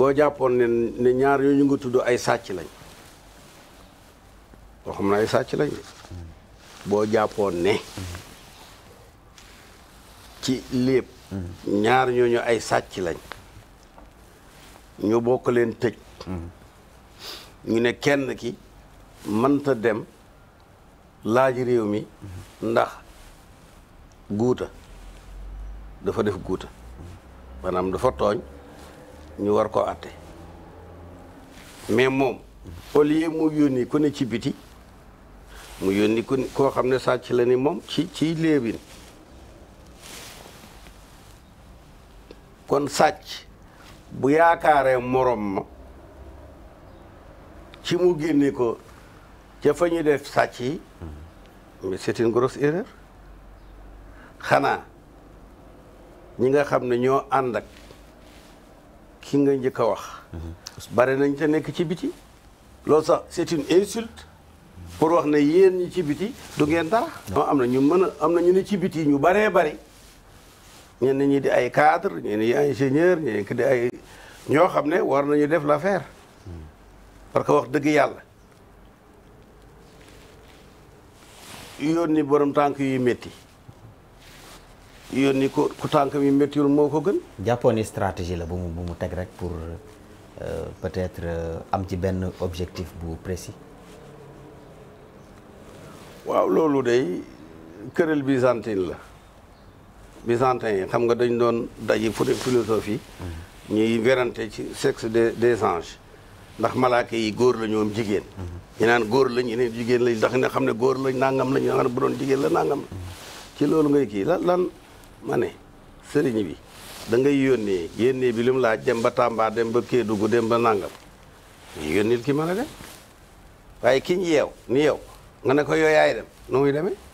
boo jàppoon ne ne ñaar yooyu nga tudd ay sàcc lañ boo xam ne ay sàcc lañ boo jàppoon ne ci lépp ñaar ñooñu ay sàcc lañ ñu bokk leen tëj ñu ne kenn ki mënta dem laaj réew mi ndax guuta dafa def guuta maanaam dafa tooñ ñu war ko ate mais moom au lieu mu yónni ku ne ci biti mu yónni ku koo xam ne sàcc la ni moom ci ci léebin kon sàcc bu yaakaaree morom ma ci mu génne ko ca fa ñu def sàcc yi mais c'est une erreur xanaa ñi nga xam ne ñoo ànd ki nga njëkk wax bare nañ te nekk ci biti loolu sax c'est une insulte pour wax ne yéen ñi ci biti du ngeen dara non am na ñu mën a na ñu ne ci biti ñu baree bari ñenn ñi di ay cadre ñenn ñi ingénieur ñenn ñi di ay ñoo xam ne war nañu def l'affaire parce que wax dëgg yàlla yoon ni borom tànk yu métti yónni ko ku tànk mi méttiwul moo ko gën. japonais stratégie la bu mu bu rek pour euh, peut-être euh, am ci ben objectif bu précis. waaw lolu day kërël byzantin la byzantin xam nga dañ doon daje pour philosophie. Mhm. ñi vérante ci sexe des des anges ndax malaaka yi góor la ñoom jigéen. Mhm. ñu naan góor lañ ñeneen jigen lay ndax nga xam ne góor lañ nangam lañ nga bu doon jigen la nangam mhm. ci lolu ngay ki lan lan ma ne sëriñ bi da ngay yónnee yónnee bi lu mu laaj dem ba Tamba dem ba Kédougou dem ba Nangam yónnil ki mën a dem waaye ki ñu yeew ni yow nga ne ko yooyaay dem nu muy